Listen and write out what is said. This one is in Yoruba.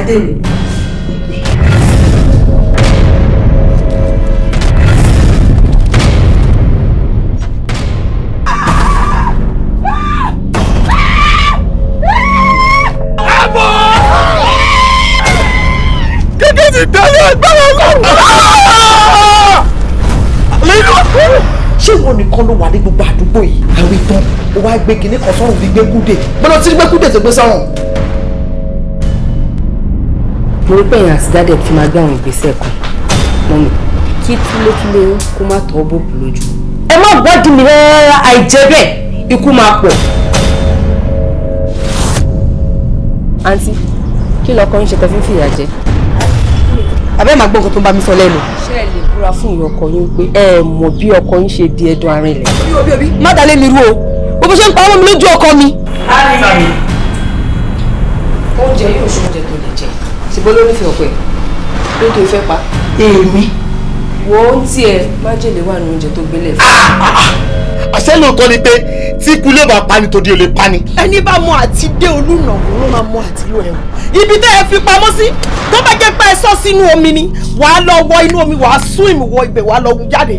adé mi. ṣé ìwọ nìkan ló wà ní gbogbo àdúgbò yìí àwọn ìtàn ó wá gbé kinní kan sọ́run fi gbé kúdè gbọ́dọ̀ tí gbé kúdè tó gbé sọ́run mo rí pé ẹ̀yìn àti dádẹ̀ ti máa gbé àwọn ìgbésẹ̀ kan mọ́mi kí túlétúlé kó má tọ́ bòkù lójú. ẹ má gbọ́dọ̀ mi rárá àìjẹ́ bẹ́ẹ̀ ikú máa pọ̀. àǹtí kí lọkọ ń ṣe tẹ fífi ìyà jẹ abẹ́ màá gbọ́ nǹkan tó ń bá mi sọ lẹ́nu. ṣé ẹ lè búra fún ìyá ọkọ yín pé ẹ mọ̀ bí ọkọ yín ṣe di ẹdun ara ilẹ̀. bí o bí má dalé mi rú o bó bó ṣe ń pa ọmọ mi lójú ọkọ mi. oúnjẹ yóò ṣe oúnjẹ tó lè jẹ ṣùgbọ́n lórífẹ̀ẹ́ ọ̀pẹ ló tó fẹ́ pa. èmi. wo ó ń tiẹ̀ májèlé wà ní oúnjẹ tó gbélé fún. Ah, ah, ah. àṣẹ ló kọ́ ni pé tí ikú lè bá pani tòde ò lè pani. ẹni bá mọ àti dé olùnàwó ló máa mọ àti lọ ẹ̀wọ̀n ibi tẹ́ ẹ fi pamọ́ sí tó bá jẹ́ pé ẹ sọ sínú omi ni wàá lọ wọ inú omi wàá sún ìmùwọ̀ ibẹ̀ wàá lọ jáde.